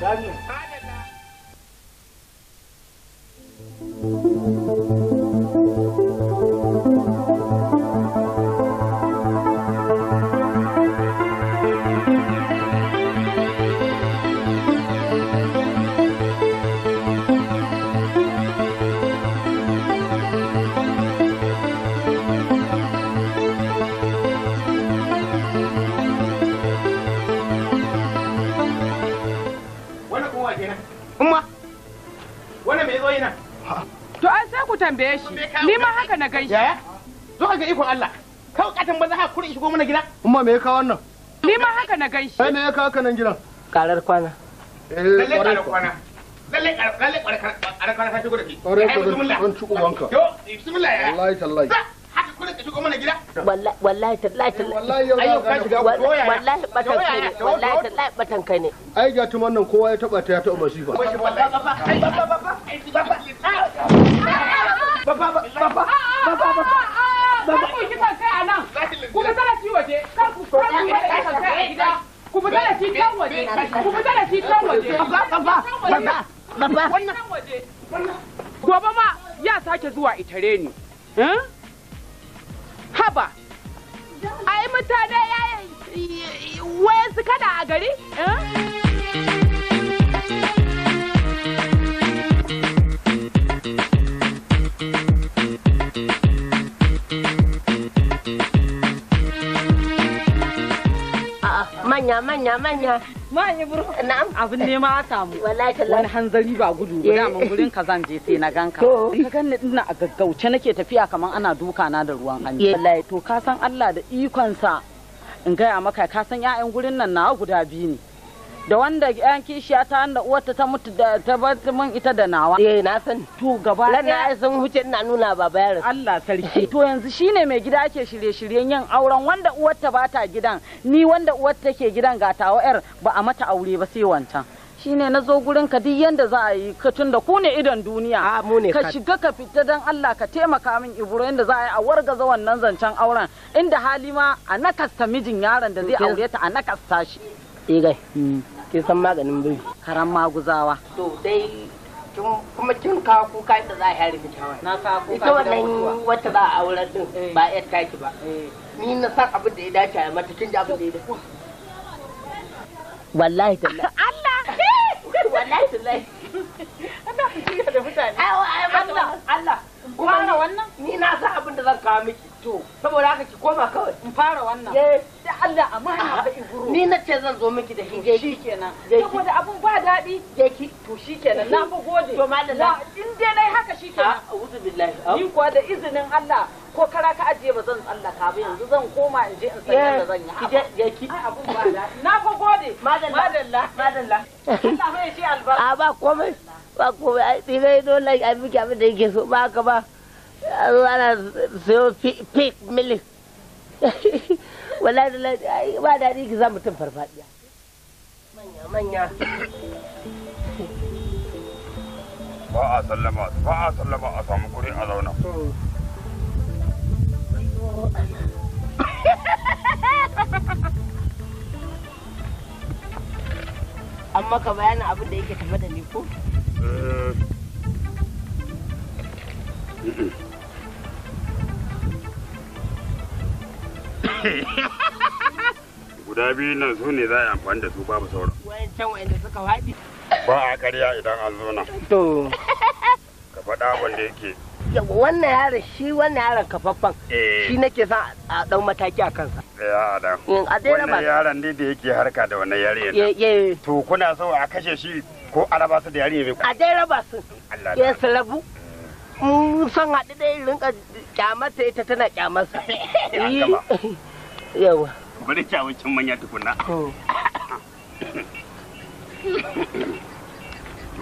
Tchau, gente. tambaye shi ni ma haka na gan yaya zo ka ga ikon Allah kawai ba za ka kurin shigo mana gida umma me ya kawo wannan ni ma haka na gaishe. shi me ya kawo ka nan gidan karar kwana eh, lalle karar kwana lalle lalle karar kwana ta shigo da ki an ci ubanka yo bismillah ya wallahi tallahi haka kurin ka shigo mana gida wallahi wallahi eh, tallahi wallahi yau ka shiga koya wallahi batan kai ne wallahi tallahi batan kai ne ai ga tuman nan kowa ya taba ta ya taba baba baba Baba baba ah, ah, ah, baba baba. Baba baba baba baba. Gobe ma ya sake zuwa itare ni. Eh? Haba. Ai mutane ya wayansu kada a gari? Eh? manya manya manya buru na'am abin ne ma samu wani hanzari ba gudu ba daman eh. gurin ka zan je sai na ganka ka ganni ina a gaggauce nake tafiya kaman ana duka na da ruwan hannu eh. wallahi to ka san Allah da ikonsa in gaya maka ka san 'ya'yan gurin nan na guda biyu ne da wanda yan kishiya ta wanda uwarta ta mutu da ta bar mun ita da nawa eh na san to gaba ya sun huce ina nuna baba yaron Allah sarki to yanzu shine mai gida ke shirye-shiryen yin auren wanda uwarta ba ta gidan ni wanda uwarta ke gidan ga tawo yar ba a mata aure ba sai wancan shine na zo gurin ka duk yanda za a yi ka tunda ku ne idon duniya ka shiga ka fita dan Allah ka taimaka min iburo yanda za a yi a wargaza wannan zancen auren inda hali ma a nakasta mijin yaron da zai aure ta a nakasta shi eh, kin san maganin biri karan maguzawa to dai kuma kin kawo kuka ita za a yi miki hawaye na kawo kuka ita wannan wacce za a aurar din eh. ba a yar taki ba eh. ni na san abin da ya dace a mata kin ji abin da ya dace wallahi tallahi Allah eh! wallahi tallahi ana fitina da mutane Allah Allah kuma na wannan ni na san abin da zan kawo miki to saboda haka ki koma kawai in fara wannan eh da Allah amana ni na ce zan zo miki da shi shi kenan saboda abun ba daɗi jeki ki to shi kenan na fi gode to malala in dai nayi haka shi kenan a'udhu billahi ni kuwa da izinin Allah ko kara ka ajiye ba zan tsallaka ba yanzu zan koma in je in san da zan yi je je ki abun ba daɗi na fi gode madalla madalla madalla Allah mai shi albarka a ba komai ba komai ai dai dole ai miki abin da yake so ba ka ba ana sayo pig milik wallahi ba daɗi ki za mutum farfaɗiya manya manya ba a sallama ba a sallama a samu guri a zauna amma ka bayanin abin da yake tafi da ni ko? Eh. guda biyu nan su ne za a yi amfani da su babu sauran wayancan suka ba a karya idan an zo na. to ka faɗa wanda yake wannan yaron shi wannan yaron kafaffan eh. shi nake sa a ɗau mataki a kansa ya eh, adam wannan yaron ne da yake harka da wannan yare to kuna so a kashe shi ko a raba su da yare ne a dai raba su ya su rabu mun san haɗu da rinƙa kyamata ita tana kyamarsa eh, yawa bari ki manya tukunna to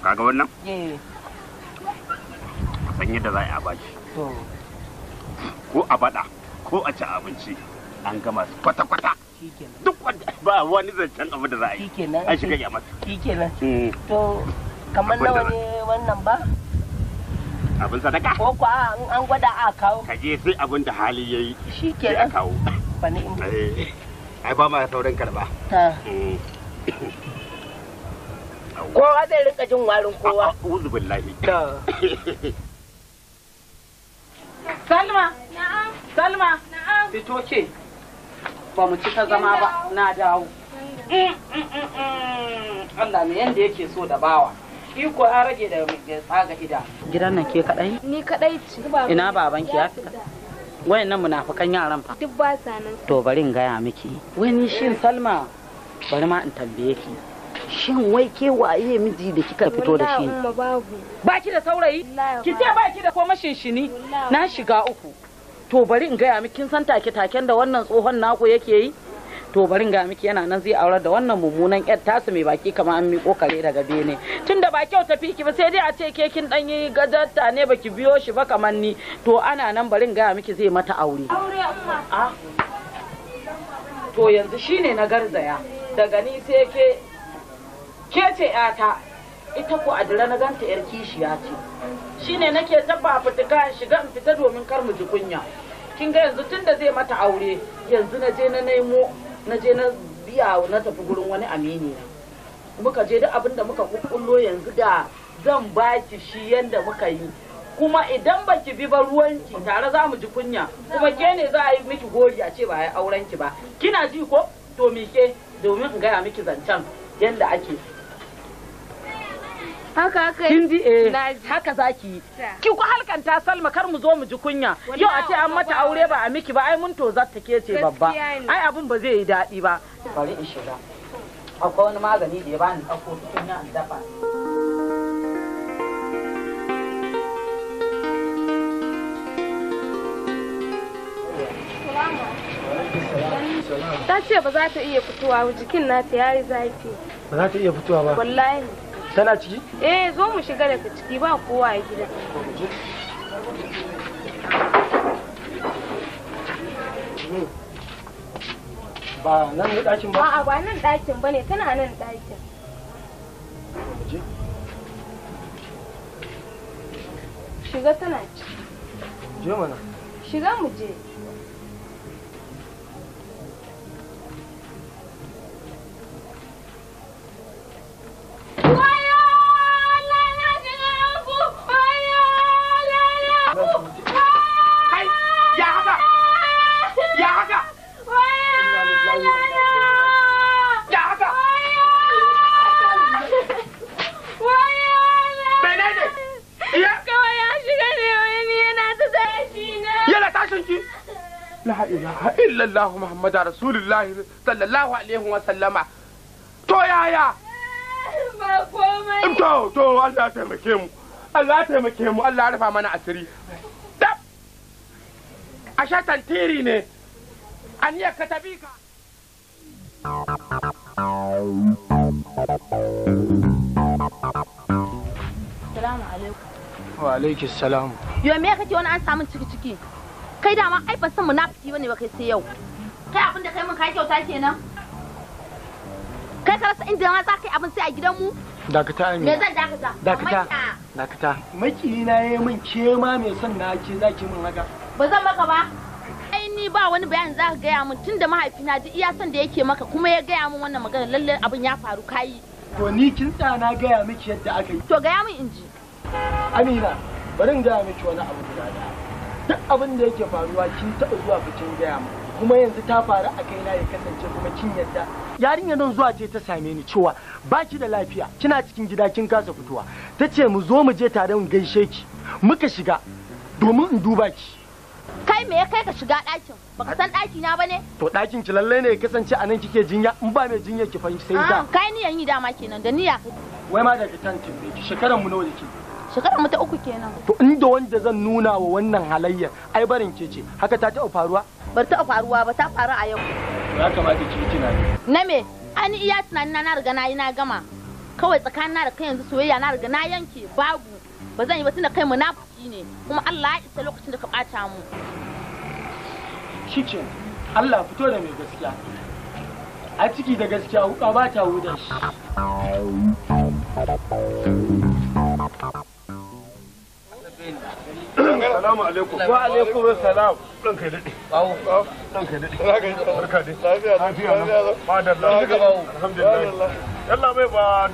kaga wannan eh. san yadda za a baki ko a bada ko a ci abinci an gama su kwata-kwata duk wanda ba wani zancen abu da za a yi an shiga ya mata shikenan mm. to kamar nawa ne wannan ba abin sadaka ko kwa an gwada a kawo kaje sai abin da hali yayi shikenan a kawo ba ai ba ma karba mm. kowa zai rinka jin warin kowa uzu billahi salma na'am salma na'am fito ce ba mu cika zama ba na dawo mm, mm, Allah ne yanda yake so da bawa ko ya rage da tsaga ida gidan nan ke kaɗai. ni kaɗai ce ina babanki ya fita wayannan munafukan yaran fa duk ba sa nan to bari in gaya miki wani shin salma bari ma in tambaye ki shin wai ke waye miji da kika fito da shi ba ki da saurayi ki ce ba da koma shinshini na shiga uku to bari in gaya miki kin san take taken da wannan tsohon naku yake yi to barin ga miki yana nan zai aurar da wannan mummunan yar tasu mai baki kamar an miƙo kare daga bene tunda ba kyau tafi ki ba sai dai a ce ke kin dan yi gadatta ne baki biyo shi ba kamar ni to ana nan barin ga miki zai mata aure aure amma to yanzu shine na garzaya daga ni sai ke ke ce yata ita ko adira na ganta yar kishiya ce shine nake tabba fituka in shiga in fita domin kar mu ji kunya kin ga yanzu tunda zai mata aure yanzu na je na nemo na je na biya na tafi gurin wani amini na muka je duk abin da muka kukkullo yanzu da zan baki shi yanda muka yi kuma idan baki bi ba ruwanki tare za mu ji kunya kuma ke ne za a yi miki gori a ce ba ya aurenki ba kina ji ko to mike domin in gaya miki zancen yanda ake haka haka hindi eh haka zaki ki ku halkanta Salma kar mu zo mu ji kunya yau a ce an mata aure ba a miki ba ai mun to zatta ke ce babba ai abun ba zai yi daɗi ba bari in shiga akwai wani magani da ya bani ɗauko tukunya in dafa Ta ce ba za ta iya fitowa jikin na ta yayi zafi. Ba za ta iya fitowa ba. Wallahi. tana ciki eh zo mu shiga daga ciki ba kowa a gida ba nan ne dakin ba a'a ba nan dakin ba ne tana nan dakin shiga tana ciki je mana shiga mu je la ilaha illallah muhammadu rasulullahi sallallahu alaihi wa sallama to yaya ba komai to to Allah taimake mu Allah taimake mu Allah rufa mana asiri dab a shatan tiri ne an yi katabi ka Salamu alaikum. Wa alaikum salam. Yo me kake wani an samu ciki ciki? kai dama ai ba san munafiki bane ba kai sai yau kai abin da kai mun kai kyauta kenan kai ka rasa inda ma za kai abin sai a gidan mu dakata ne me zan dakata dakata dakata maki na yayi min ke ma me son na ke zaki mun haka ba zan maka ba ai ni ba wani bayani za ka gaya min tunda mahaifina duk iya son da yake maka kuma ya gaya min wannan magana lalle abin ya faru kayi to ni kin tsana gaya miki yadda aka yi to gaya min inji amina bari in gaya miki wani abu guda daya duk abin da yake faruwa kin taɓa zuwa bikin gaya mu kuma yanzu ta faru a kaina ya kasance kuma kin yadda yarinyar nan zuwa ce ta same ni cewa ba ki da lafiya kina cikin gida kin kasa fitowa ta ce mu zo mu je tare mu gaishe ki muka shiga domin in duba ki kai me ya kai ka shiga ɗakin baka san ɗaki na bane to ɗakin ki lallai ne ya kasance a nan kike jinya in ba mai jinya ki fa sai da ah, kai yan yi dama kenan da niyya wai ma daga tantin ki shekaran mu nawa kike shekara mata uku kenan to inda wanda zan nuna wa wannan halayyar ai barin ke ce haka ta taɓa faruwa bar taɓa faruwa ba ta faru a yau ya kamata ki tunani na me an iya tunani na riga na yi na gama kawai tsakanin na da kai yanzu soyayya na riga na yanke babu ba zan yi ba tunda kai munafiki ne kuma Allah ya isa lokacin da ka ɓata mu shi Allah fito da mai gaskiya a ciki da gaskiya huka ba ta wudan shi Salamu alaikum. Wa alaikum salam. Ɗan kai daɗe.